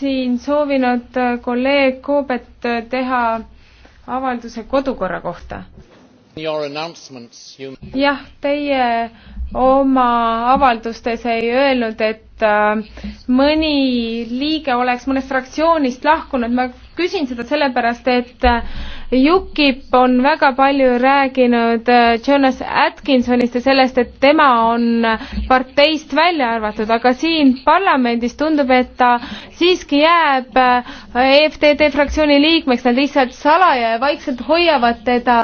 siin soovinud äh, kolleeg Koobet äh, teha avalduse kodukorra kohta. jah, teie oma avaldustes ei öelnud, et äh, mõni liige oleks mõnest fraktsioonist lahkunud, ma küsin seda sellepärast, et äh, UKIP on väga palju rääkinud äh, Jonas Atkinsonist ja sellest, et tema on äh, parteist välja arvatud, aga siin parlamendis tundub, et ta siiski jääb EFTD fraktsiooni liikmeks, nad lihtsalt salaja ja vaikselt hoiavad teda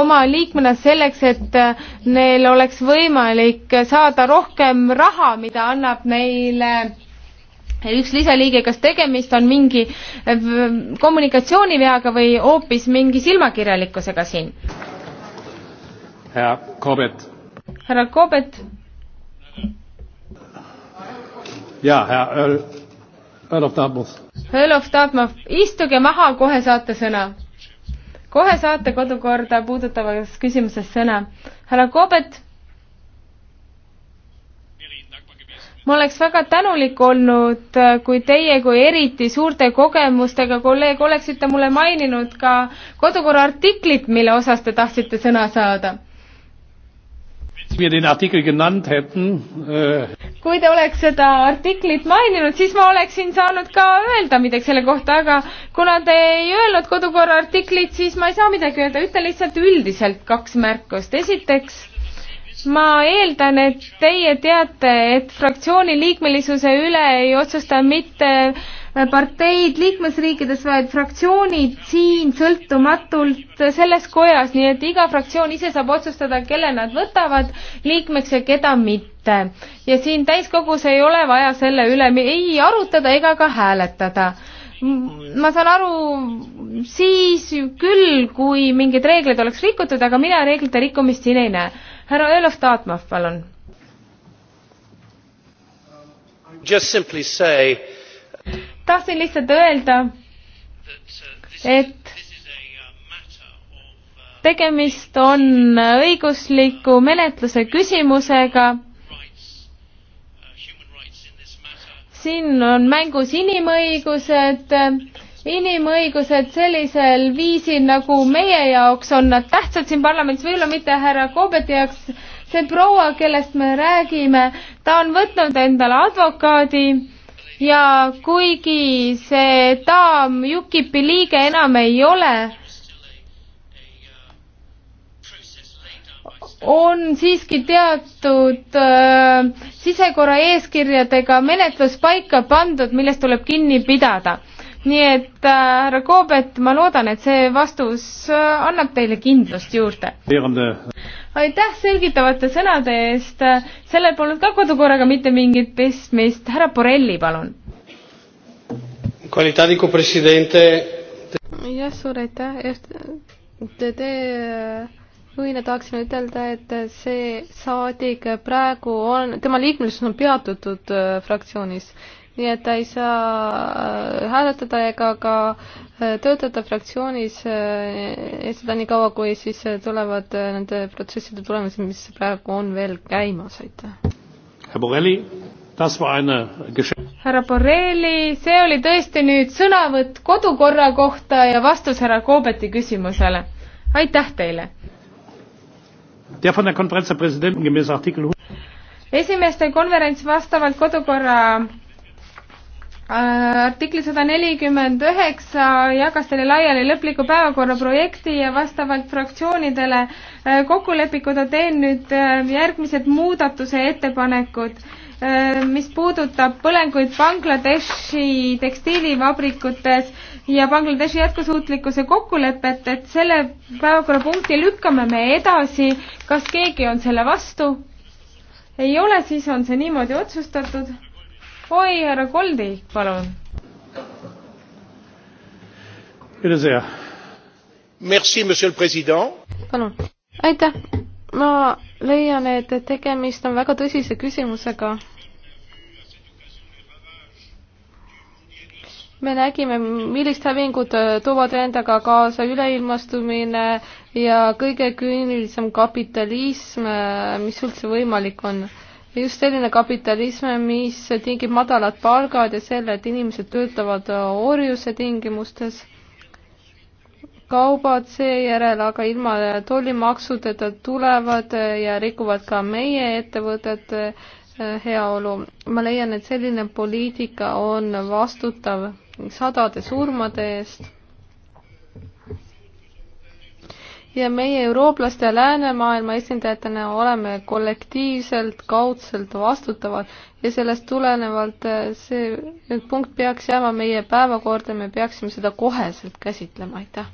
oma liikmena selleks, et neil oleks võimalik saada rohkem raha, mida annab neile üks lisaliige, kas tegemist on mingi äh, kommunikatsiooniveaga või hoopis mingi silmakirjalikkusega siin? härra Kobet. härra Kobet. jaa, härra Ölof Taatmov. Ölof Taatmov, istuge maha, kohe saate sõna. kohe saate kodukorda puudutavas küsimuses sõna. härra Kobet ma oleks väga tänulik olnud, äh, kui teie kui eriti suurte kogemustega kolleeg oleksite mulle maininud ka kodukorra artiklit, mille osas te tahtsite sõna saada. Äh, kui te oleks seda artiklit maininud, siis ma oleksin saanud ka öelda midagi selle kohta, aga kuna te ei öelnud kodukorra artiklit, siis ma ei saa midagi öelda, ütlen lihtsalt üldiselt kaks märkust. esiteks ma eeldan, et teie teate, et fraktsiooni liikmelisuse üle ei otsusta mitte parteid liikmesriikides, vaid fraktsioonid siin sõltumatult selles kojas, nii et iga fraktsioon ise saab otsustada, kelle nad võtavad liikmeks ja keda mitte. ja siin täiskogus ei ole vaja selle üle ei arutada ega ka hääletada ma saan aru siis küll, kui mingeid reegleid oleks rikutud, aga mina reeglite rikkumist siin ei näe. härra Ölof Taatmaf, palun. tahtsin lihtsalt öelda, et tegemist on õigusliku menetluse küsimusega siin on mängus inimõigused, inimõigused sellisel viisil, nagu meie jaoks on nad tähtsad siin parlamendis, võib-olla mitte härra Koobeti jaoks, see proua, kellest me räägime, ta on võtnud endale advokaadi ja kuigi see daam UKIP-i liige enam ei ole, on siiski teatud äh, sisekorra eeskirjadega menetlus paika pandud, millest tuleb kinni pidada. nii et äh, härra äh, Koobet, ma loodan, et see vastus äh, annab teile kindlust juurde. aitäh selgitavate sõnade eest, sellel polnud ka kodukorraga mitte mingit pistmist, härra Borrelli, palun. jah, suur aitäh, te, te juhina tahaksin ütelda, et see saadik praegu on, tema liikmelisus on peatatud äh, fraktsioonis, nii et ta ei saa äh, hääletada ega ka äh, töötada fraktsioonis seda nii kaua, kui siis tulevad nende protsesside tulemused, mis praegu on veel käimas, aitäh. Herr Borrelli, das war eine härra Borrelli, see oli tõesti nüüd sõnavõtt kodukorra kohta ja vastus härra Koobeti küsimusele. aitäh teile! esimeeste konverents vastavalt kodukorra äh, artikli sada nelikümmend üheksa jagas teile laiali lõpliku päevakorra projekti ja vastavalt fraktsioonidele äh, kokkulepikuda teen nüüd äh, järgmised muudatuse ettepanekud, mis puudutab põlenguid Bangladeshi tekstiilivabrikutes ja Bangladeshi jätkusuutlikkuse kokkulepet, et selle päevakorrapunkti lükkame me edasi. kas keegi on selle vastu? ei ole, siis on see niimoodi otsustatud. oi, härra Koldi, palun. palun, aitäh. ma leian, et tegemist on väga tõsise küsimusega me nägime, millist hävingut äh, toovad endaga kaasa üleilmastumine ja kõige küünilisem kapitalism, äh, mis üldse võimalik on. just selline kapitalism, mis tingib madalad palgad ja selle, et inimesed töötavad äh, orjuse tingimustes kaubad seejärel aga ilma tollimaksudeta tulevad ja rikuvad ka meie ettevõtete heaolu. ma leian, et selline poliitika on vastutav sadade surmade eest. ja meie eurooplaste ja läänemaailma esindajatena oleme kollektiivselt kaudselt vastutavad ja sellest tulenevalt eh, see punkt peaks jääma meie päevakorda, me peaksime seda koheselt käsitlema, aitäh.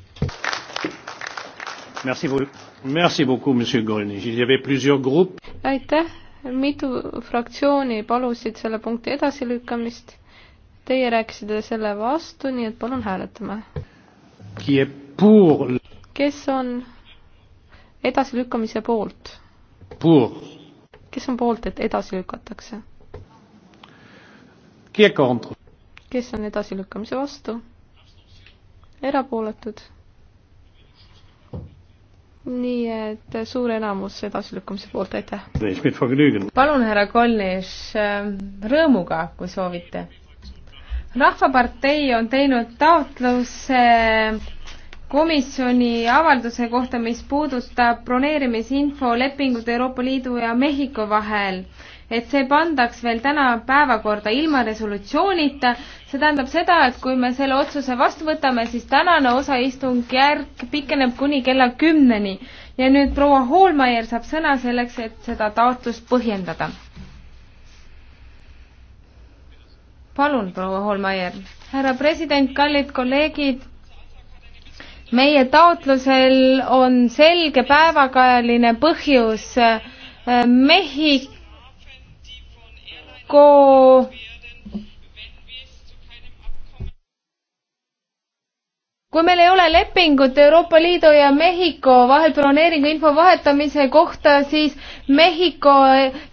Merci beaucoup, merci beaucoup, monsieur Gornis, il y avait plusieurs groupes. aitäh, mitu fraktsiooni palusid selle punkti edasilükkamist Teie rääkisite selle vastu, nii et palun hääletame. kes on edasilükkamise poolt? kes on poolt, et edasi lükatakse? kes on edasilükkamise vastu? erapooletud? nii et suur enamus edasilükkamise poolt, aitäh! palun, härra Kolnis, rõõmuga, kui soovite rahvapartei on teinud taotluse komisjoni avalduse kohta, mis puudutab broneerimisinfo lepingut Euroopa Liidu ja Mehhiko vahel, et see pandaks veel täna päevakorda ilma resolutsioonita. see tähendab seda, et kui me selle otsuse vastu võtame, siis tänane osaistungjärk pikeneb kuni kella kümneni ja nüüd proua Hoolmeier saab sõna selleks, et seda taotlust põhjendada palun, proua Holmeier. härra president, kallid kolleegid, meie taotlusel on selge päevakajaline põhjus Mehhiko kui meil ei ole lepingut Euroopa Liidu ja Mehhiko vahel broneeringu info vahetamise kohta, siis Mehhiko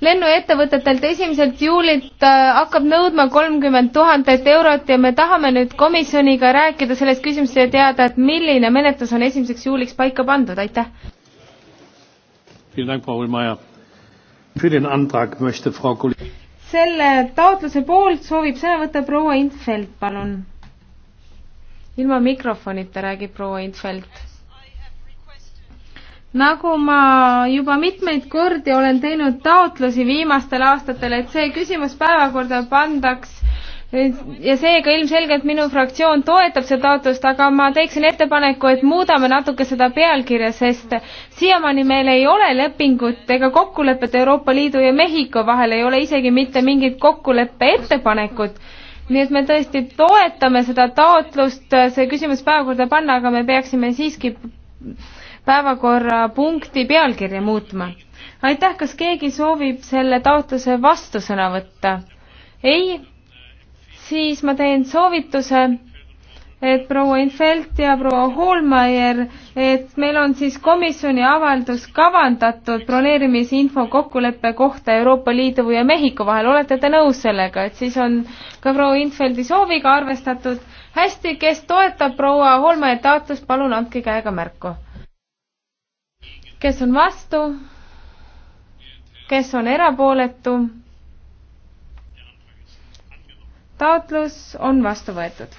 lennuettevõtetelt esimeselt juulilt äh, hakkab nõudma kolmkümmend tuhandet eurot ja me tahame nüüd komisjoniga rääkida sellest küsimusest ja teada, et milline menetlus on esimeseks juuliks paika pandud, aitäh. selle taotluse poolt soovib sõna võtta proua Infeld, palun ilma mikrofonita räägib proua Infeld. nagu ma juba mitmeid kordi olen teinud taotlusi viimastel aastatel, et see küsimus päevakorda pandaks ja seega ilmselgelt minu fraktsioon toetab seda taotlust, aga ma teeksin ettepaneku, et muudame natuke seda pealkirja, sest siiamaani meil ei ole lepingut ega kokkulepet Euroopa Liidu ja Mehhiko vahel, ei ole isegi mitte mingit kokkuleppe ettepanekut nii et me tõesti toetame seda taotlust see küsimus päevakorda panna, aga me peaksime siiski päevakorrapunkti pealkirja muutma. aitäh, kas keegi soovib selle taotluse vastusõna võtta? ei? siis ma teen soovituse et proua Infelt ja proua Hoolmeier, et meil on siis komisjoni avaldus kavandatud broneerimisinfo kokkuleppe kohta Euroopa Liidu ja Mehhiko vahel, olete te nõus sellega, et siis on ka proua Infeldi sooviga arvestatud? hästi, kes toetab proua Hoolmeier taotlust, palun andke käega märku. kes on vastu? kes on erapooletu? taotlus on vastu võetud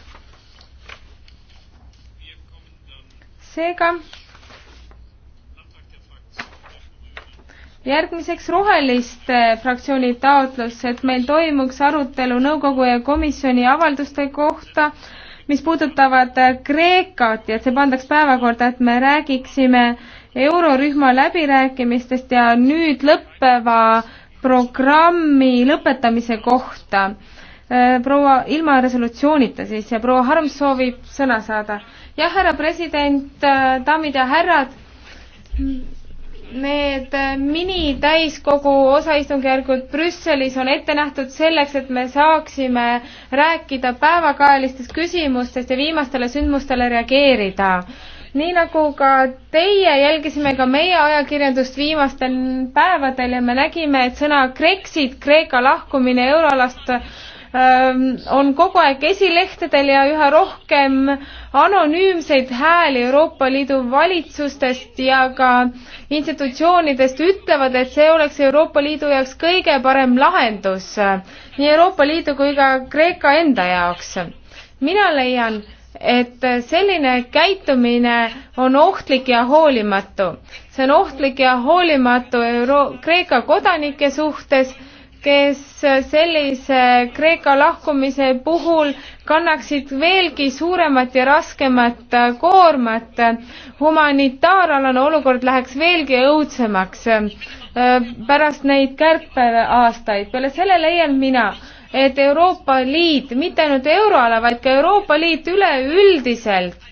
seega järgmiseks Roheliste fraktsiooni taotlus, et meil toimuks arutelu nõukogu ja komisjoni avalduste kohta, mis puudutavad Kreekat ja et see pandaks päevakorda, et me räägiksime eurorühma läbirääkimistest ja nüüd lõppeva programmi lõpetamise kohta Äh, proua, ilma resolutsioonita siis ja proua Harms soovib sõna saada. jah, härra president, äh, daamid ja härrad, need äh, minitäiskogu osaistungjärgud Brüsselis on ette nähtud selleks, et me saaksime rääkida päevakajalistest küsimustest ja viimastele sündmustele reageerida. nii nagu ka teie, jälgisime ka meie ajakirjandust viimastel päevadel ja me nägime, et sõna Brexit, Kreeka lahkumine euroalast Ähm, on kogu aeg esilehtedel ja üha rohkem anonüümseid hääli Euroopa Liidu valitsustest ja ka institutsioonidest ütlevad, et see oleks Euroopa Liidu jaoks kõige parem lahendus nii Euroopa Liidu kui ka Kreeka enda jaoks. mina leian, et selline käitumine on ohtlik ja hoolimatu. see on ohtlik ja hoolimatu Euro-, Kreeka kodanike suhtes kes sellise Kreeka lahkumise puhul kannaksid veelgi suuremat ja raskemat koormat. humanitaaralane olukord läheks veelgi õudsemaks äh, pärast neid kärpeaastaid. peale selle leian mina, et Euroopa Liit, mitte ainult euroala, vaid ka Euroopa Liit üleüldiselt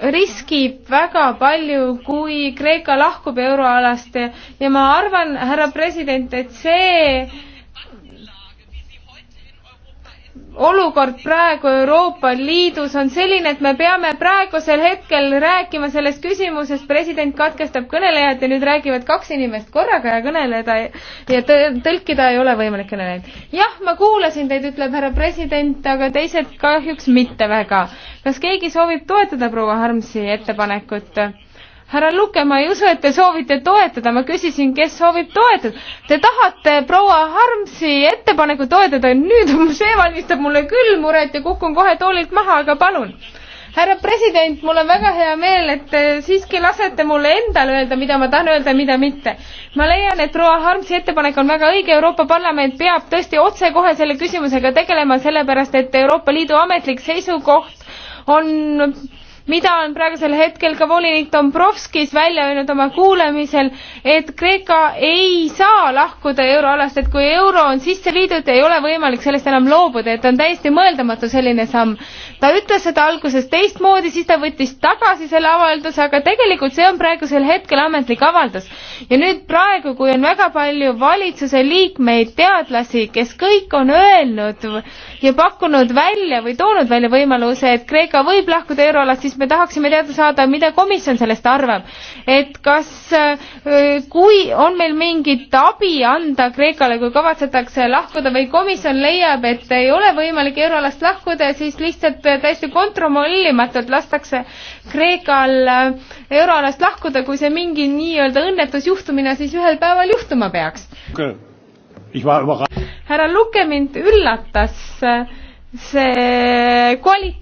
riskib väga palju, kui Kreeka lahkub euroalast ja ma arvan, härra president, et see olukord praegu Euroopa Liidus on selline, et me peame praegusel hetkel rääkima sellest küsimusest, president katkestab kõnelejat ja nüüd räägivad kaks inimest korraga ja kõneleda ja tõlkida ei ole võimalik kõnelejaid. jah, ma kuulasin teid, ütleb härra president, aga teised kahjuks mitte väga. kas keegi soovib toetada proua Harmsi ettepanekut? härra Luke, ma ei usu, et te soovite toetada, ma küsisin, kes soovib toetada. Te tahate proua Harmsi ettepaneku toetada, nüüd see valmistab mulle küll muret ja kukun kohe toolilt maha, aga palun. härra president, mul on väga hea meel, et te siiski lasete mulle endale öelda, mida ma tahan öelda ja mida mitte. ma leian, et proua Harmsi ettepanek on väga õige, Euroopa Parlament peab tõesti otsekohe selle küsimusega tegelema, sellepärast et Euroopa Liidu ametlik seisukoht on mida on praegusel hetkel ka volinik Dombrovskis välja öelnud oma kuulemisel, et Kreeka ei saa lahkuda euroalast, et kui euro on sisse viidud, ei ole võimalik sellest enam loobuda, et on täiesti mõeldamatu selline samm. ta ütles seda alguses teistmoodi, siis ta võttis tagasi selle avalduse, aga tegelikult see on praegusel hetkel ametlik avaldus. ja nüüd praegu, kui on väga palju valitsuse liikmeid, teadlasi, kes kõik on öelnud ja pakkunud välja või toonud välja võimaluse, et Kreeka võib lahkuda euroalast, siis me tahaksime teada saada, mida komisjon sellest arvab. et kas, äh, kui on meil mingit abi anda Kreekale, kui kavatsetakse lahkuda või komisjon leiab, et ei ole võimalik euroalast lahkuda ja siis lihtsalt täiesti kontrollimatult lastakse Kreekal äh, euroalast lahkuda, kui see mingi nii-öelda õnnetusjuhtumine siis ühel päeval juhtuma peaks okay.? härra Luke mind üllatas äh, see kvali-,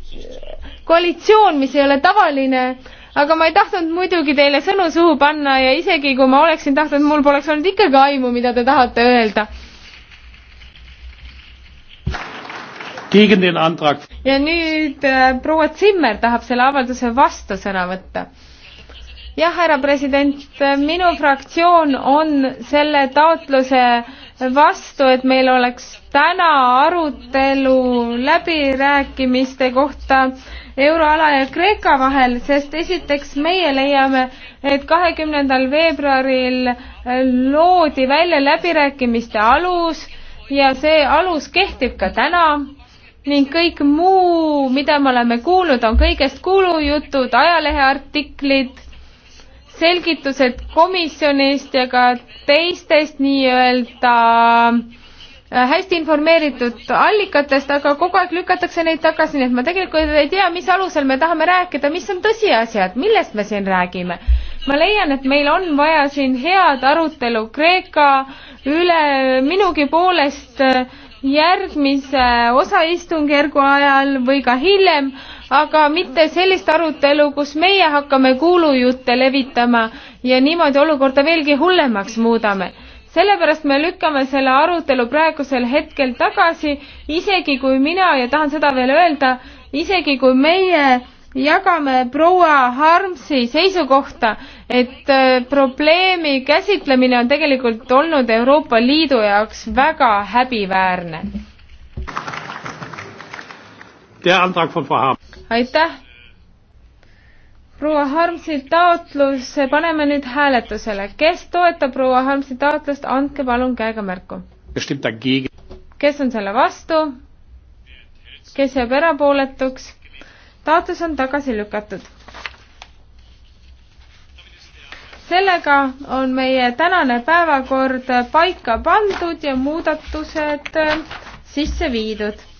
koalitsioon, mis ei ole tavaline, aga ma ei tahtnud muidugi teile sõnu suhu panna ja isegi kui ma oleksin tahtnud, mul poleks olnud ikkagi aimu, mida te tahate öelda. ja nüüd äh, proua Zimmer tahab selle avalduse vastu sõna võtta jah, härra president, minu fraktsioon on selle taotluse vastu, et meil oleks täna arutelu läbirääkimiste kohta euroala ja Kreeka vahel, sest esiteks meie leiame, et kahekümnendal veebruaril äh, loodi välja läbirääkimiste alus ja see alus kehtib ka täna ning kõik muu, mida me oleme kuulnud, on kõigest kuulujutud, ajaleheartiklid, selgitused komisjonist ja ka teistest nii-öelda äh, Äh, hästi informeeritud allikatest, aga kogu aeg lükatakse neid tagasi, nii et ma tegelikult ei tea, mis alusel me tahame rääkida, mis on tõsiasjad, millest me siin räägime. ma leian, et meil on vaja siin head arutelu Kreeka üle minugi poolest äh, järgmise osaistungjärgu ajal või ka hiljem, aga mitte sellist arutelu, kus meie hakkame kuulujutte levitama ja niimoodi olukorda veelgi hullemaks muudame sellepärast me lükkame selle arutelu praegusel hetkel tagasi, isegi kui mina, ja tahan seda veel öelda, isegi kui meie jagame proua Harmsi seisukohta, et äh, probleemi käsitlemine on tegelikult olnud Euroopa Liidu jaoks väga häbiväärne. aitäh proua Harmsi taotluse paneme nüüd hääletusele. kes toetab proua Harmsi taotlust, andke palun käega märku. kes on selle vastu? kes jääb erapooletuks? taotlus on tagasi lükatud. sellega on meie tänane päevakord paika pandud ja muudatused sisse viidud